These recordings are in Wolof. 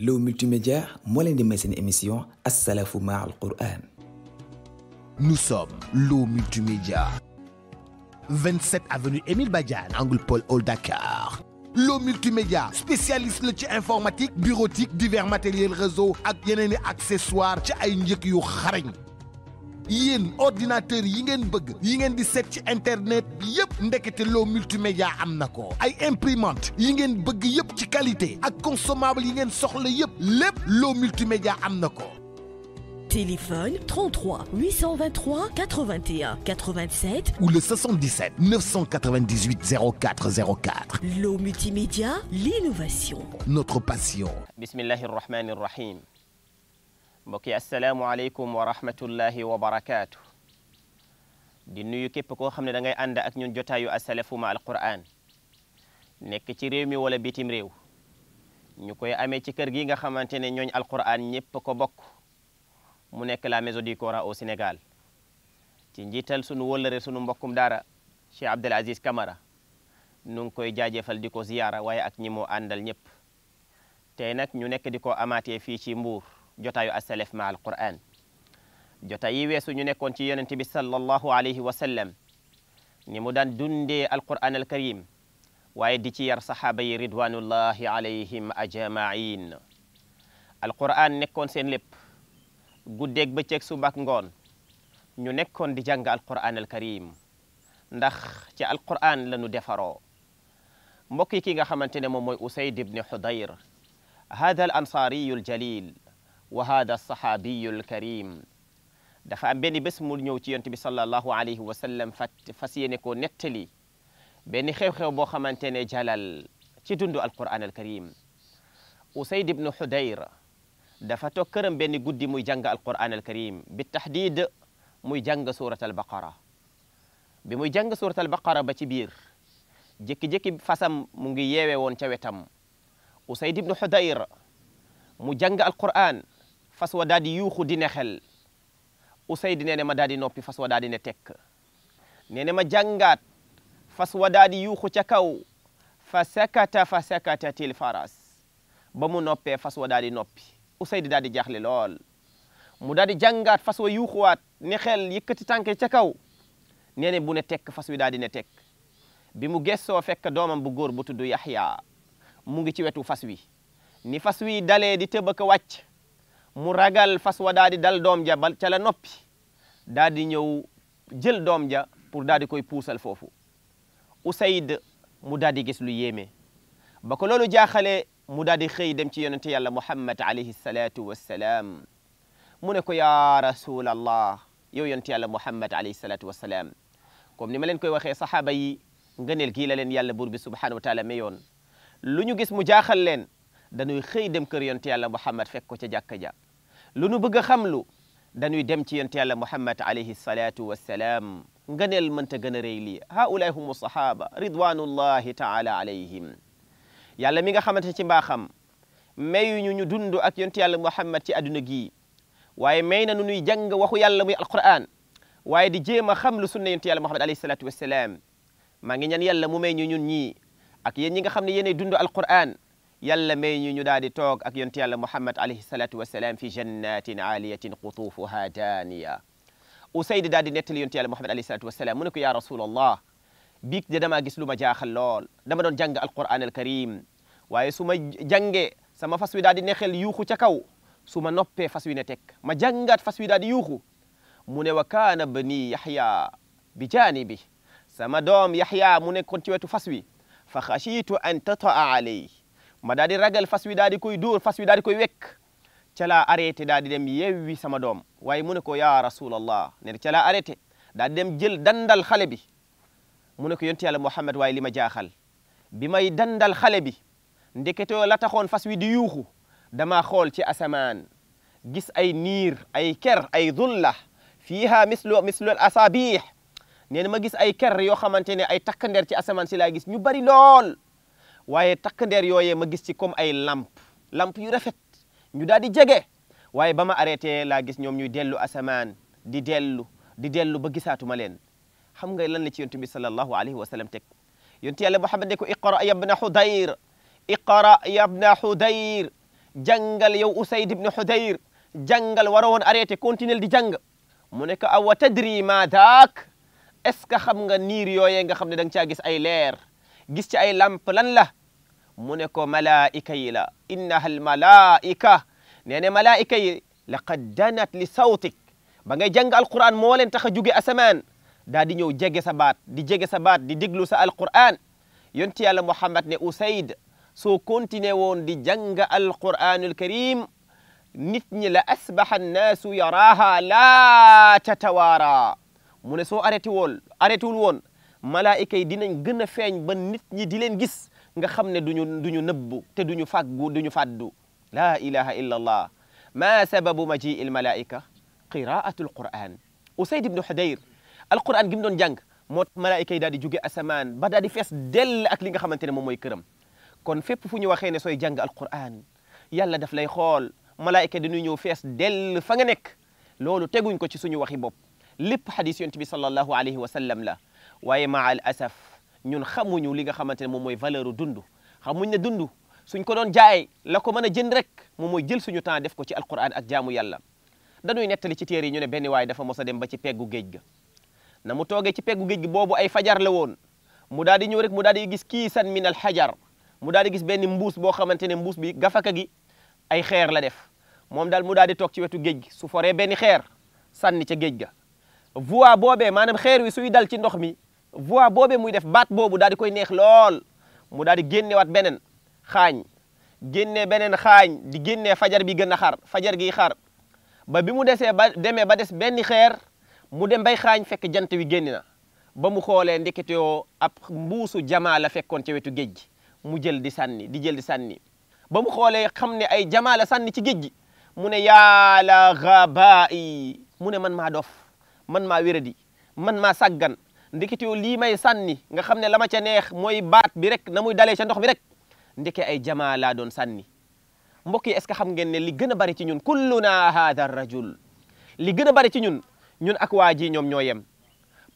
L'eau multimédia moo leen di may émission Assalafou Ma'al Qur'an Nous sommes l'eau multimédia 27 avenue Émile Badiane angle Paul Hall L'eau multimédia spécialiste la ci informatique bureautique divers matériel réseau ak yeneen i accessoire ci ay njëkk yu xarañ yéen ordinateur yi ngeen bëgg yi ngeen di seet ci internet bi yëpp ndekete loo multimédia am na ko ay imprimante yi ngeen bëgg yëpp ci qualité ak consommable yi ngeen soxla yëpp lépp loo multimédia am na ko téléphone 33 823 81 87 ou le 77 998 04 04 L'eau multimédia, l'innovation. Notre passion. Bismillahir Rahmanir Rahim. mbokk yi asalaamualeykum wa rahmatullahi wa barakaatu. di nuyu képp koo xam ne da ngay ànd ak ñun jotaayu asalafu ma alquran nekk ci réew mi wala bitim réew ñu koy amee ci kër gi nga xamante ne ñooñ alquran ñëpp ko bokk mu nekk la maison du Coran au Sénégal ci njiital sunu wóllare sunu mbokkum dara Cheikh Abdel Aziz Camara nu ngi koy jaajëfal di ko ziyaara waaye ak ñi moo àndal ñëpp tey nag ñu nekk di ko amaatee fii ci Mbuur jotaayu asalaf ma al quran jotaay yi weesu ñu nekkoon ci yonente bi sallallahu alayhi wa ni mu daan dundee alquran al waaye di ci yar saxaaba yi ridwanullahi alayhim ajmain alquran nekkoon seen lépp guddeeg bëccëg subak ngoon ñu nekkoon di jàng alquran al ndax ci alquran la defaroo mbokk ki nga xamante ne moom mooy usayd ibni xudayr hada al wa hada sahaabiyul karim dafa am benn bés mu ñëw ci yonent bi sallallahu alayhi wa fa fat fas yéene koo nettali benn xew-xew boo xamante ne jalal ci dundu alquran al karim usayd ibnu dafa toog këram benn guddi muy jàng alquran al karim bi taxdid muy jàng surat al baqara bi muy jàng surat al baqara ba ci biir jékki-jékki fasam mu ngi yeewe woon ca wetam usayd ibnu xudayr mu jàng alquran fas wa daal di yuuxu di ne xel Usayd nee ne ma daal di noppi fas wa daal di ne tekk nee ne ma jàngaat fas wa daal yuuxu ca kaw fa sakata fa sakata til faras ba mu noppe fas wa daal di noppi Usayd daal di jaaxle lool mu daal di jàngaat fas wa yuuxuwaat ne xel yëkkati tànke ca kaw ne bu ne tekk fas wi daal di ne tekk bi mu gessoo fekk doomam bu góor bu tudd Yaxya mu ngi ci wetu fas wi ni fas wi dalee di tëb ak mu ragal fas wa daal di dal doom ja ba ca noppi daal di ñëw jël doom ja pour daal di koy puusal foofu Usayd mu daal di gis lu yéeme ba ko loolu jaaxalee mu daal di xëy dem ci yonente yàlla Muhammad alayhi salaatu wassalaam mu ne ko yaa rasulallah yow yonente yàlla Muhammad alayhi salaatu wassalaam comme ni ma leen koy waxee saxaaba yi ngëneel gii la leen yàlla buur bi subhanahu wa taala mayoon lu ñu gis mu jaaxal leen dañuy xëy dem kër yonente yàlla Muhammad fekk ko ca jàkka ja lu nu bëgg a xam lu dañuy dem ci yonent yàlla muhammad alayhi salaatu wassalaam ngëneel mënta gën a rëy lii haulaay humu sahaba ridwanullahi taala alayhim yàlla mi nga xamante ci mbaaxam mayuñu ñu ñu dund ak yonent yàlla muhammad ci adduna gi waaye may na nu nuy janga waxu yàlla muy alquran waaye di jéem a xam lu sunna yonent yàlla muhammad alayhi salaatu wassalaam maa ngi ñaan yàlla mu may ñu ñun ñii ak yéen ñi nga xam ne yéenay dund alquran yàlla may ñu ñu daal di toog ak yonti yàlla muhammad alayhi salatu wasalaam fi jannatin aaliyatin qutuufuha daaniya usayd daal di nettali yonti yàlla muhammad alayhi salatu wasalaam mu ne ko yaa rasulallah biig de damaa gis lu ma jaaxal lool dama doon jàng alquran alkarim waaye su ma jàngee sama fas wi daal di nexel yuuxu ca kaw su ma noppee fas wi ne teg ma jàngaat fas wi daal di yuuxu mu ne wa kaana bani yaxya bi jaanibi sama doom yaxya mu nekkoon ci wetu fas wi fa xashiitu ma daal di ragal fas wi daal di koy dóor fas wi daadi di koy wekk ca laa arrêté daal di dem yewwi sama doom waaye mu ne ko yaa rasulallah ne ca laa arrêté daal di dem jël dandal xale bi mu ne ko yonti yàlla Muhammad waaye li ma jaaxal bi may dandal xale bi ndeketoo la taxoon fas wi di yuuxu dama xool ci asamaan gis ay niir ay ker ay zulla fiiha mislu mislu al asabih nee na ma gis ay ker yoo xamante ne ay takkandeer ci asamaan si laa gis ñu bari lool waaye takk ndeer yooye ma gis ci comme ay lamp lamp yu rafet ñu daal di jege waaye ba ma arrêté laa gis ñoom ñuy dellu asamaan di dellu di dellu ba gisaatuma leen xam nga lan la ci yontu bi sallallahu alayhi wa sallam teg yontu yàlla Muhammad ne ko iqra ya bna Hudayr iqra ya bna Hudayr jàngal yow Usayd ibn Hudayr jàngal waroon arrêté continuel di jàng mu ne ko awa tadri ma daak est ce que xam nga niir yooyee nga xam ne da nga caa gis ay leer gis ci ay lamp lan la mu ne ko malaa'ika yi la innaha al malaa'ika nee ne malaa'ika yi laqad danat li sawtik ba ngay jàng alquran moo leen tax a juge asamaan daa di ñëw jege sa baat di jege sa di déglu sa alquran yonti yàlla Muhammad ne Usayd soo continué woon di jang alquranul karim nit ñi la asbaha annaasu yaraaha laa tatawaara mu ne soo arrêté woon wul woon malaayika yi dinañ gën a feeñ ba nit ñi di leen gis nga xam ne duñu duñu nëbbu te du ñu duñu fàggu duñu fàddu laa ilaha illa allah ma sababu maji il malaayika qiraatu alquran usayd ibnu hudayr alquran gi mu doon jàng moo tax malaayika yi daal di jóge asamaan ba daal di fees dell ak li nga xamante ne moom mooy këram kon fépp fu ñu waxee ne sooy jàng alquran yàlla daf lay xool di dañuy ñëw fees dell fa nga nekk loolu teguñ ko ci suñu waxi bopp lépp xadis yonent bi sallallahu alayhi wa sallam la waaye ma al asaf ñun xamuñu li nga xamante ne moom mooy valeur u dund xamuñ ne dund suñ ko doon jaay la ko mën a jënd rek moom mooy jël suñu temps def ko ci alquran ak jaamu yàlla dañuy nettali ci téere yi ñu ne benn waay dafa mos a dem ba ci peggu géej ga na mu tooge ci peggu géej gi boobu ay fajar la woon mu daal di ñëw rek mu daal di gis kiisan min al xajar mu daal di gis benn mbuus boo xamante ne mbuus bi gafaka gi ay xeer la def moom daal mu daal di toog ci wetu géej gi su foree benn xeer sànni ca géej ga voix boobee maanaam xeer wi suy dal ci ndox mi voix boobe muy def baat boobu daal di koy neex lool mu daal di génnewaat beneen xaañ génne beneen xaañ di génnee fajar bi gën a xar fajar gi xar ba bi mu desee ba demee ba des benn xeer mu dem bay xaañ fekk jant wi génn na ba mu xoolee ndeketewoo ab mbuusu jamaa la fekkoon ca wetu géej gi mu jël di sànni di jël di sànni ba mu xoolee xam ne ay jamaa la sànni ci géej gi mu ne yàlla gabaa yi mu ne man maa dof man maa di man maa saggan ndekete yoo lii may sànni nga xam ne la ma ca neex mooy baat bi rek na muy dalee ca ndox mi rek ndeke ay jamaa laa doon sànni mbokk yi ce que xam ngeen ne li gën a bari ci ñun kulluna hada rajul li gën a bari ci ñun ñun ak waa ji ñoom ñoo yem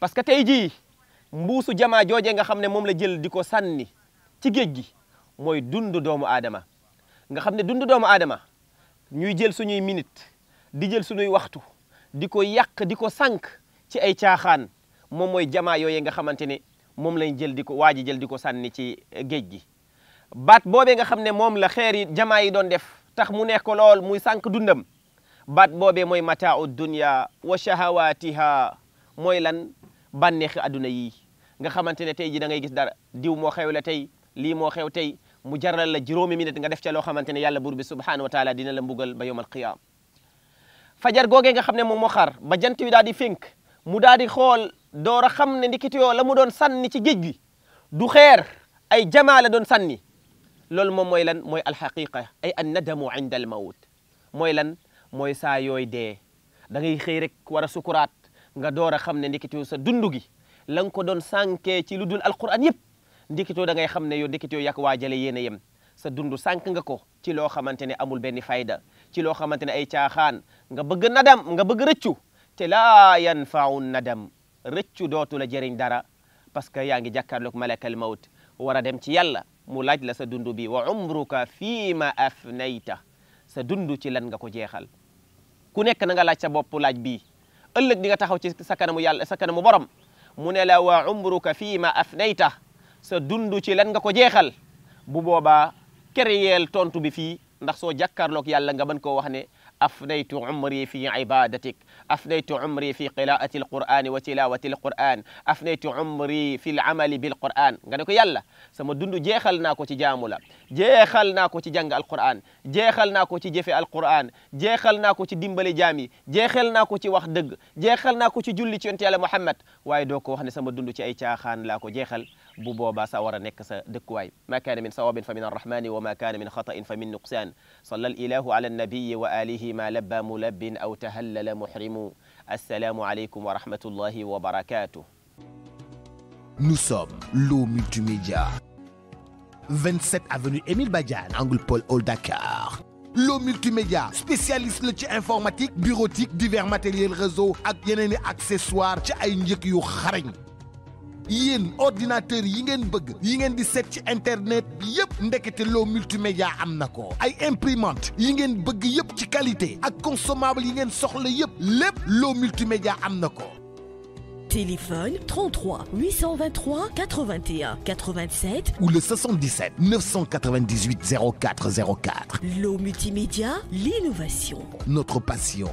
parce que tey jii mbuusu jamaa joojee nga xam ne moom la jël di ko sànni ci géej gi mooy dundu doomu aadama nga xam ne dundu doomu aadama ñuy jël suñuy minit di jël suñuy waxtu di ko yàq di ko sànq ci ay caaxaan moom mooy jamaa yooyu nga xamante ne moom lañ jël di ko waa ji jël di ko sànni ci eh, géej gi baat boobee nga xam ne moom la xeer yi jamaa yi doon def tax mu neex lool muy sànq dundam baat boobee mooy mataau dunya wa shahawatiha mooy lan bànneexi adduna yi nga xamante ne tey ji da ngay gis dara diw moo xew la tey lii moo xew tey mu jaral la juróomi minute nga def ca loo xamante ne yàlla buur bi mbugal ba yowm al fajar googee nga xam ne moom moo xaar ba jant wi daal di fénk mu daal di xool door a xam ne ndikitiyoo la mu doon sanni ci géej gi du xeer ay jamaa la doon sanni loolu moom mooy lan mooy alxaqiqa ay an nadamu inda al mawt mooy lan mooy saa yooy dee da ngay xëy rek war a sukuraat nga door a xam ne ndikitiyoo sa dund gi la ko doon sànkee ci lu dul alquran yëpp ndikitiyoo da ngay xam ne yow ndikitiyoo yak waajale yéen a yem sa dundu sànk nga ko ci loo xamante ne amul benn fayda ci loo xamante ne ay caaxaan nga bëgg nadam nga bëgg rëccu te laa yanfau nadam rëccu dootu la jëriñ dara parce que yaa ngi jàkkaarloog malakal mawt war a dem ci yàlla mu laaj la sa dund bi wa umruka fiima afnayta sa dund ci lan nga ko jeexal ku nekk na nga laaj sa bopp laaj bii ëllëg di nga taxaw ci sa kanamu yàlla sa kanamu borom mu ne la wa umruka fiima afnayta sa dund ci lan nga ko jeexal bu boobaa kereyeel tontu bi fii ndax soo jàkkaarloog yàlla nga mën koo wax ne afnaytu umri fi ibadatik afnaytu umri fi qiraati alqur'ani wa tilawati alqur'an afnaytu umri fi lamali bilqur'an nga ne ko yàlla sama dund jeexal naa ko ci jaamu la jeexal naa ko ci jàng alqur'an jeexal naa ko ci jëfe alqur'an jeexal naa ko ci dimbali jaam yi jeexal naa ko ci wax dëgg jeexal naa ko ci julli ci yonent yàlla Muhammad waaye doo ko wax ne sama dundu ci ay caaxaan laa ko jeexal bu boobaa sa war a nekk sa dëkkuwaay ma kaana min sawabin fa min arrahmani wa ma kaana min xatain fa min nuqsaan salla alilahu ala annabiyi wa alihi ma labba mulabbin aw tahallala angle Paul Hall Dakar L'eau multimédia spécialiste la ci informatique bureautique divers matériel réseau ak yeneen i accessoire ci ay njëkk yu xarañ yéen ordinateur yi ngeen bëgg yi ngeen di seet ci internet bi yëpp ndekete loo multimédia am na ko ay imprimante yi ngeen bëgg yëpp ci qualité ak consommable yi ngeen soxla yëpp lépp loo multimédia am na ko téléphone 33 823 81 87 ou le 77 998 04 04 L'eau multimédia, l'innovation. Notre passion.